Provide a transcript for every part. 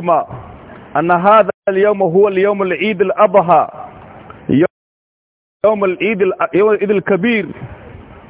ثم أن هذا اليوم هو اليوم العيد الأضحى يوم العيد يوم العيد الكبير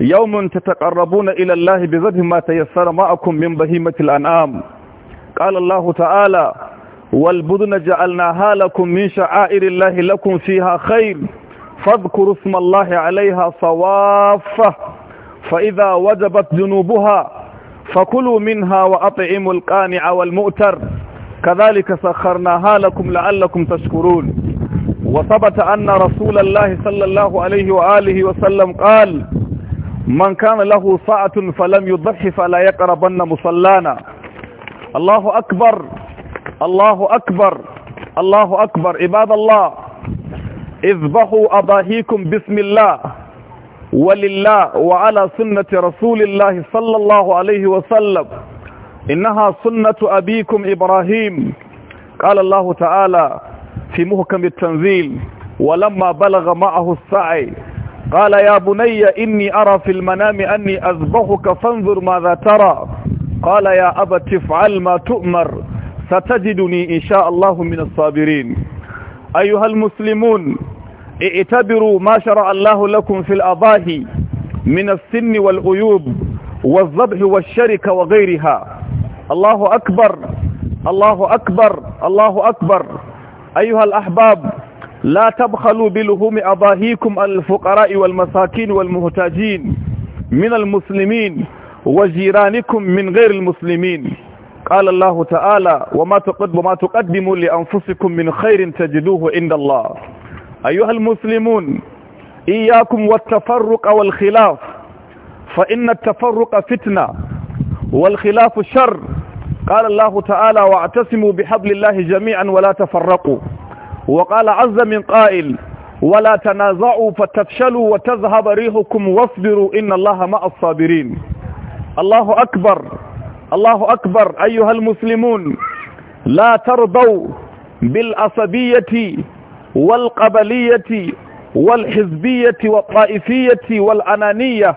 يوم تتقربون إلى الله بذبه ما تيسر معكم من بهيمة الأنعام قال الله تعالى والبدن جعلناها لكم من شعائر الله لكم فيها خير فاذكروا اسم الله عليها صوافة فإذا وجبت جنوبها فكلوا منها وأطعموا القانع والمؤتر كذلك سخرناها لكم لعلكم تشكرون وثبت أن رسول الله صلى الله عليه وآله وسلم قال من كان له ساعة فلم يضحف فلا يقربن مصلانا الله أكبر الله أكبر الله أكبر عباد الله اذبحوا أضاهيكم بسم الله ولله وعلى سنة رسول الله صلى الله عليه وسلم إنها سنة أبيكم إبراهيم قال الله تعالى في مهكم التنزيل ولما بلغ معه السعي قال يا بني إني أرى في المنام أني أذبحك فانظر ماذا ترى قال يا أبا تفعل ما تؤمر ستجدني إن شاء الله من الصابرين أيها المسلمون اعتبروا ما شرع الله لكم في الأضاهي من السن والعيوب والذبح والشرك وغيرها الله أكبر الله أكبر الله أكبر أيها الأحباب لا تبخلوا بلهوم أضاهيكم الفقراء والمساكين والمهتاجين من المسلمين وجيرانكم من غير المسلمين قال الله تعالى وما تقدم وما تقدموا لأنفسكم من خير تجدوه عند الله أيها المسلمون إياكم والتفرق والخلاف فإن التفرق فتنة والخلاف شر قال الله تعالى واعتصموا بحبل الله جميعا ولا تفرقوا وقال عز من قائل ولا تنازعوا فتفشلوا وتذهب ريحكم واصبروا إن الله مع الصابرين الله أكبر الله أكبر أيها المسلمون لا ترضوا بالعصبية والقبلية والحزبية والطائفية والأنانية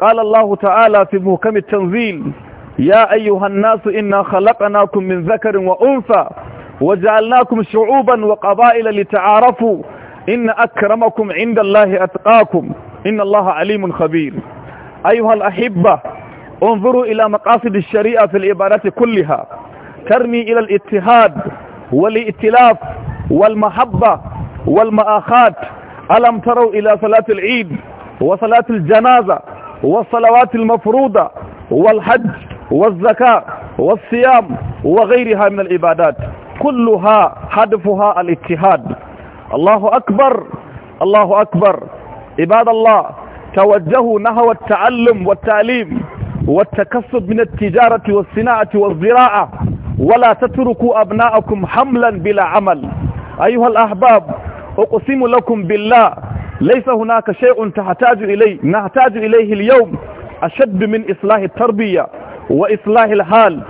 قال الله تعالى في محكم التنزيل يا أيها الناس إنا خلقناكم من ذكر وأنثى وجعلناكم شعوبا وقبائل لتعارفوا إن أكرمكم عند الله أتقاكم إن الله عليم خبير أيها الأحبة انظروا إلى مقاصد الشريعة في العبادات كلها ترمي إلى الاتحاد والائتلاف والمحبة والمآخات ألم تروا إلى صلاة العيد وصلاة الجنازة والصلوات المفروضة والحج والزكاة والصيام وغيرها من العبادات كلها هدفها الاجتهاد الله أكبر الله أكبر عباد الله توجهوا نحو التعلم والتعليم والتكسب من التجارة والصناعة والزراعة ولا تتركوا أبناءكم حملا بلا عمل أيها الأحباب أقسم لكم بالله ليس هناك شيء تحتاج إليه نحتاج إليه اليوم أشد من إصلاح التربية وإصلاح الحال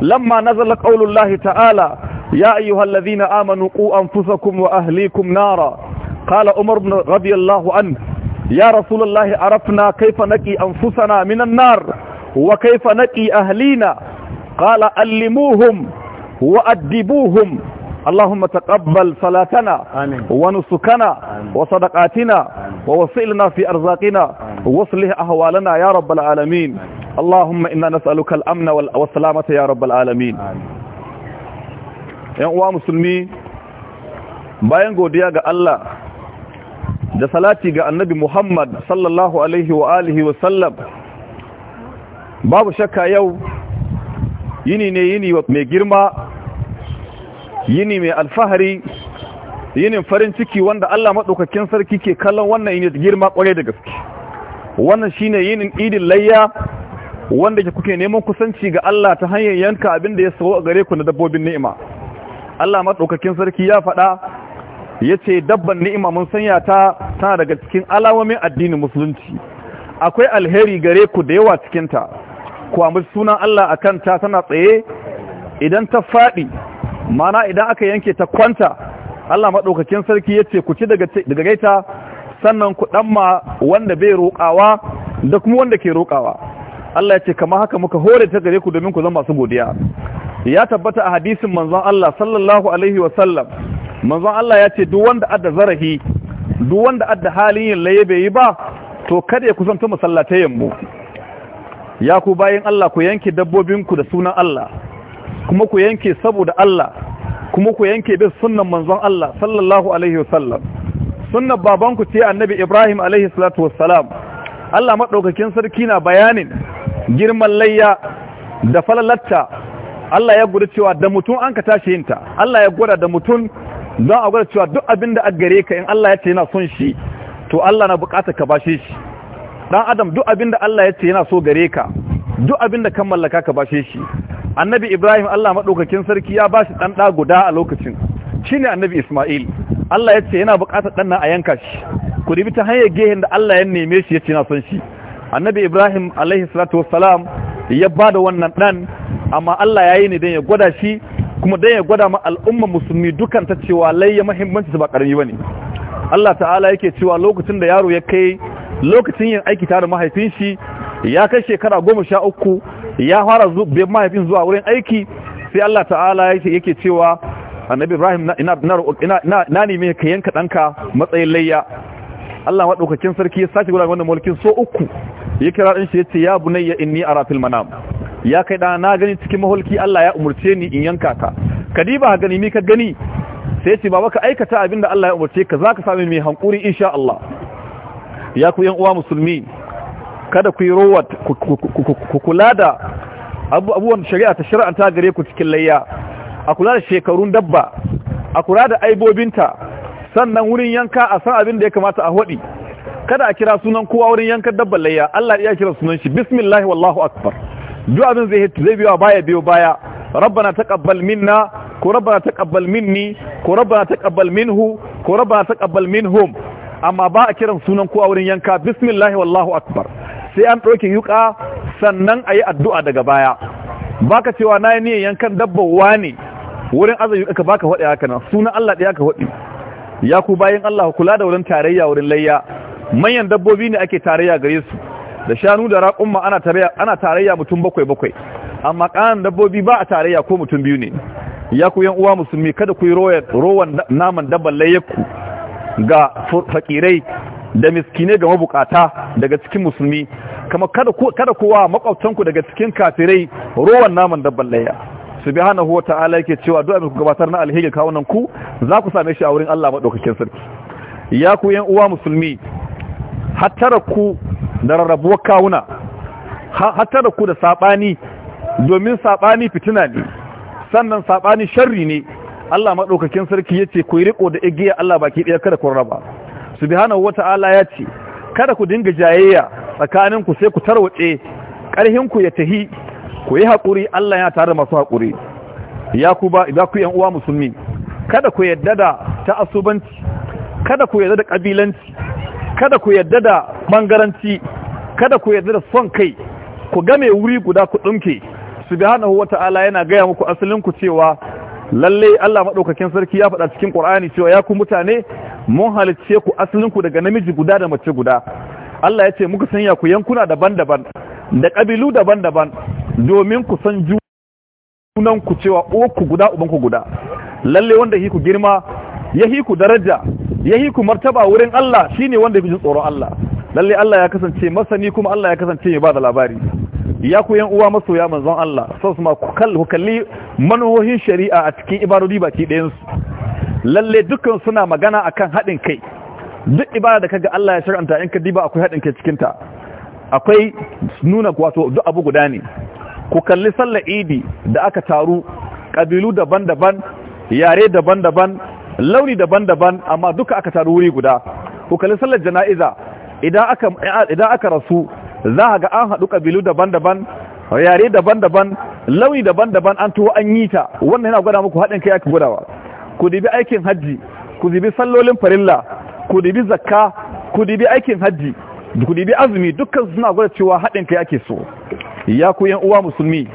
لما نزل قول الله تعالى يا أيها الذين آمنوا قوا أنفسكم وأهليكم نارا قال عمر بن رضي الله عنه يا رسول الله عرفنا كيف نقي أنفسنا من النار وكيف نقي أهلينا قال علموهم وأدبوهم اللهم تقبل صلاتنا ونسكنا وصدقاتنا ووصلنا في أرزاقنا واصلح أهوالنا يا رب العالمين اللهم إنا نسألك الأمن والسلامة يا رب العالمين ‘yan uwa musulmi bayan godiya ga Allah da salati ga annabi Muhammad sallallahu alaihi wa alihi wa sallam babu shakka yau yini ne yini mai girma yini mai alfahari yinin farin ciki wanda Allah maɗaukakin sarki ke kallon wannan yini girma ƙwarai da gaske wannan shine yinin idin layya wanda ke kuke neman kusanci ga Allah ta hanyar yanka abin da ya sawo a gare ku na dabbobin ni'ima Allah madaukakin sarki ya faɗa ya ce dabban ni'ima mun sanya ta tana daga cikin alamomin addinin musulunci akwai alheri gare ku da yawa cikinta. ta ku amur sunan Allah akan ta tana tsaye idan ta faɗi mana idan aka yanke ta kwanta Allah maɗaukakin sarki ya ce ku ci daga gaita sannan ku damma wanda bai roƙawa da kuma wanda ke roƙawa Allah ya ce kamar haka muka hore ta gare ku domin ku zama masu godiya ya tabbata a hadisin manzon Allah sallallahu alaihi wa sallam manzon Allah ya ce duk wanda adda zarahi duk wanda adda halin yin laye bai yi ba to kada ya kusanta masallatayen mu ya ku bayin Allah ku yanke dabbobin ku da sunan Allah kuma ku yanke saboda Allah kuma ku yanke bin sunnan manzon Allah sallallahu alaihi wa sallam sunnan babanku ce annabi Ibrahim alaihi salatu wassalam Allah madaukakin sarki na bayanin girman layya da falalatta Allah ya gudu cewa da mutum an ka tashi yinta Allah ya gwada da mutum don a gwada cewa duk abin da gare ka in Allah ya ce yana son shi to Allah na bukatar ka bashe shi dan adam duk abin da Allah ya ce yana so gare ka duk abin da kan mallaka ka bashe shi annabi Ibrahim Allah madaukakin sarki ya bashi dan da guda a lokacin shine annabi Isma'il Allah ya ce yana bukatar dan nan a yanka shi ku ribi ta hanyar gehen da Allah ya neme shi ya ce yana son shi annabi ibrahim alaihi salatu wassalam ya bada wannan dan amma allah ya yi ne don ya gwada shi kuma don ya gwada ma al'umma musulmi dukan ta cewa layya mahimmanci ba karami ba allah ta'ala yake cewa lokacin da yaro ya kai lokacin yin aiki tare mahaifin shi ya kai shekara goma sha uku ya fara bin mahaifin zuwa wurin aiki sai allah ta'ala yake cewa annabi ibrahim na nemi ka yanka ɗanka matsayin layya Allah madaukakin sarki ya sake gura wannan mulkin so uku ya kira din shi yace ya bunayya inni ara fil manam ya kai da na gani cikin maholki Allah ya umurce ni in yanka ka kadiba gani mi ka gani sai yace baba ka aikata abinda Allah ya umurce ka zaka sami mai hankuri insha Allah ya ku yan uwa musulmi kada ku yi rowat ku kula da abubuwan shari'a ta shari'a ta gare ku cikin layya a kula da shekarun dabba a kula da aibobinta sannan wurin yanka a san abin da ya kamata a hodi kada a kira sunan kowa wurin yankan dabbar layya Allah ya kira sunan shi bismillah wallahu akbar duk abin zai hitu zai biyo baya biyo baya rabbana taqabbal minna ko rabbana taqabbal minni ko rabbana taqabbal minhu ko rabbana taqabbal minhum amma ba a kiran sunan kowa wurin yanka bismillah wallahu akbar sai an doke yuka sannan a yi addu'a daga baya Baka cewa na yi niyan yankan dabbawa ne wurin azan yuka baka haka nan sunan Allah ya ka faɗi ya ku bayan Allah kula da wurin tarayya wurin layya manyan dabbobi ne ake tarayya gare su da shanu da raƙumma ana tarayya ana tarayya mutum bakwai bakwai amma kan dabbobi ba a tarayya ko mutum biyu ne ya ku yan uwa musulmi kada ku yi rowan naman dabban layyakku ga fakirai da miskine ga mabukata daga cikin musulmi kama kada kowa makwabtanku daga cikin kafirai rowan naman dabban layya subhanahu wa ta'ala yake cewa duk abin ku gabatar na alheri kawunan ku za ku same shi a wurin Allah madaukakin sarki ya ku yan uwa musulmi hattara ku da rarrabuwar kawuna hattara ku da sabani domin sabani fitina ne sannan sabani sharri ne Allah madaukakin sarki yace ku riko da igiya Allah baki daya kada ku raba subhanahu wa ta'ala yace kada ku dinga jayayya tsakaninku sai ku tarwace ku ya tahi ku yi haƙuri Allah ya tare masu haƙuri ya ku ba za ku yan uwa musulmi kada ku yadda da ta'asubanci. kada ku yadda da ƙabilanci kada ku yadda da ɓangaranci kada ku yadda da son kai ku game wuri guda ku ɗumke subhanahu ta'ala yana gaya muku asalinku cewa lalle Allah maɗaukakin sarki ya faɗa cikin Qur'ani cewa ya ku mutane mun halicce ku asalinku daga namiji guda da mace guda Allah ya ce muka sanya ku yankuna daban-daban da ƙabilu daban-daban domin ku san junan ku cewa ku guda ubanku guda lalle wanda yi ku girma ya yi ku daraja ya yi ku martaba wurin Allah shine wanda yi tsoron Allah lalle Allah ya kasance masani kuma Allah ya kasance mai ba da labari ya ku yan uwa masoya manzon Allah sau su ma ku kalli manohin shari'a a cikin ibadodi baki su lalle dukkan suna magana akan haɗin kai duk ibada da kaga Allah ya shar'anta in ka diba akwai haɗin kai cikinta akwai nuna wato duk abu guda ne ku kalli sallar idi da aka taru ƙabilu daban-daban yare daban-daban launi daban-daban amma duka aka taru wuri guda ku kalli sallar jana'iza idan aka rasu za a ga an haɗu ƙabilu daban-daban yare daban-daban launi daban-daban an tuwo an yi ta wannan yana gwada muku haɗin kai aka gwadawa ku dibi aikin hajji ku dibi sallolin farilla ku dibi zakka ku dibi aikin hajji ku dibi azumi dukkan suna gwada cewa haɗin kai ake so ya ku yan uwa musulmi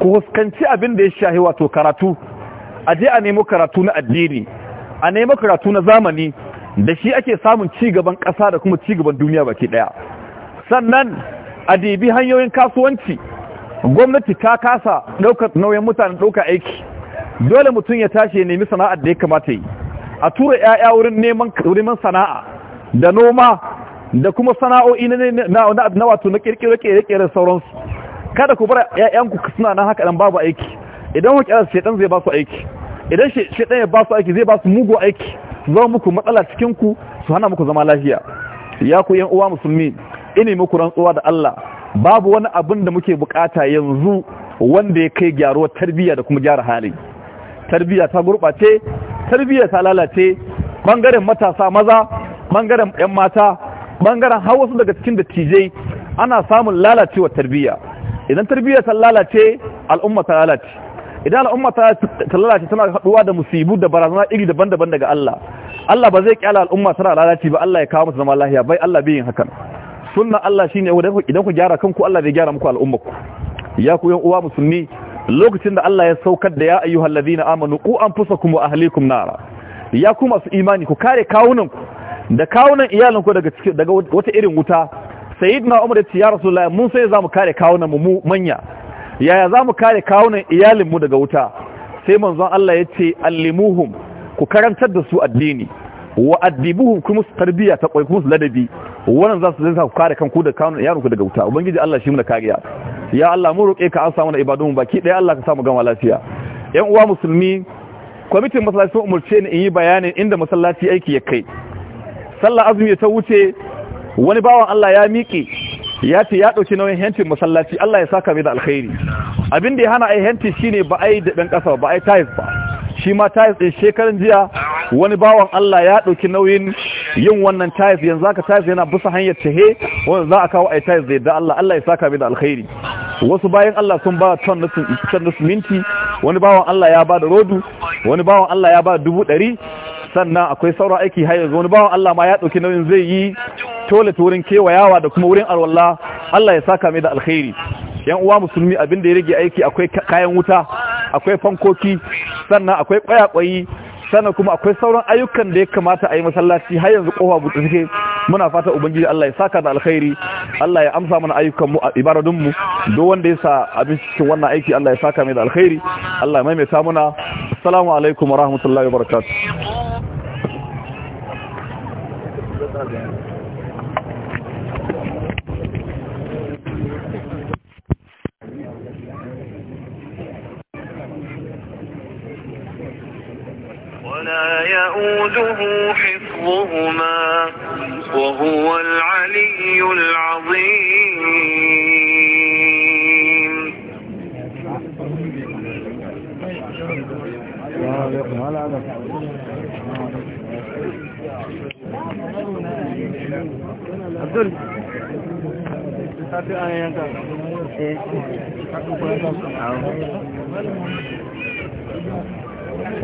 ku huskanci abin da ya shahi wato karatu a je a nemo karatu na addini a nemo karatu na zamani da shi ake samun cigaban ƙasa da kuma ci gaban duniya baki ɗaya sannan a dibi hanyoyin kasuwanci gwamnati ta kasa ɗaukar nauyin mutanen ɗauka aiki dole mutum ya tashi ya nemi sana'ar da ya kamata yi a tura 'ya'ya wurin neman sana'a da noma da kuma sana'o'i na wato na kirkire kirkire sauransu kada ku bar ƴaƴanku suna nan haka dan babu aiki idan wakil shedan zai ba su aiki idan shedan ya ba su aiki zai ba su mugu aiki su muku matsala cikin ku su hana muku zama lafiya ya ku ƴan uwa musulmi ina muku rantsuwa da Allah babu wani abin da muke bukata yanzu wanda ya kai gyaruwar tarbiyya da kuma gyara hali tarbiyya ta gurbace tarbiyya ta lalace bangaren matasa maza bangaren 'yan mata bangaren har wasu daga cikin dattijai ana samun lalacewar tarbiyya idan tarbiyyar ta lalace al'umma ta lalace idan al'umma ta lalace tana haduwa da musibu da barazana iri daban-daban daga Allah Allah ba zai kyala al'umma tana lalace ba Allah ya kawo musu zama lahiya bai Allah bai yin hakan sunna Allah shine idan ku gyara kanku Allah zai gyara muku al'umma ku ya ku yan uwa musulmi lokacin da Allah ya saukar da ya ayyuhal ladina amanu qu anfusakum wa ahlikum nara ya ku masu imani ku kare kawunan da kawunan iyalanku daga daga wata irin wuta sayyidina umar ya ce ya rasulullah mun sai zamu kare kawunan mu manya yaya zamu kare kawunan iyalin daga wuta sai manzon Allah ya ce allimuhum ku karantar da su addini wa addibuhum kuma su tarbiya ta kwai kuma su ladabi wannan za su zai ku kare kanku da kawunan iyalin ku daga wuta ubangiji Allah shi muna kariya ya Allah mu roƙe ka an samu na ibadun baki ɗaya Allah ka samu gama lafiya yan uwa musulmi kwamitin masallaci sun umarce ni in yi bayanin inda masallaci aiki ya kai sallah azumi ta wuce wani bawan Allah ya miƙe ya ce ya ɗauki nauyin hentin masallaci Allah ya saka mai da alkhairi abin da ya hana a henti ne ba a yi daɗin ƙasa ba a yi tayis ba shi ma tayis ɗin shekarun jiya wani bawan Allah ya ɗauki nauyin yin wannan tayis yanzu aka tayis yana busa hanyar tahe wanda za a kawo a yi tayis da Allah Allah ya saka mai da alkhairi wasu bayan Allah sun ba ton na minti wani bawan Allah ya ba da rodu wani bawan Allah ya ba dubu ɗari sannan akwai saura aiki har yanzu wani bawan Allah ma ya ɗauki nauyin zai yi ta wurin kewayawa da kuma wurin alwala Allah ya saka mai da alkhairi yan uwa musulmi abin da ya rage aiki akwai kayan wuta akwai fankoki sannan akwai kwayakwayi sannan kuma akwai sauran ayyukan da ya kamata a yi masallaci har yanzu kofa buɗe suke muna fata ubangiji Allah ya saka da alkhairi Allah ya amsa mana ayyukan mu ibadun mu duk wanda ya sa abin cikin wannan aiki Allah ya saka mai da alkhairi Allah ya maimaita muna assalamu alaikum wa rahmatullahi wa barakatuh ويؤوده حفظهما وهو العلي العظيم عبدل ايه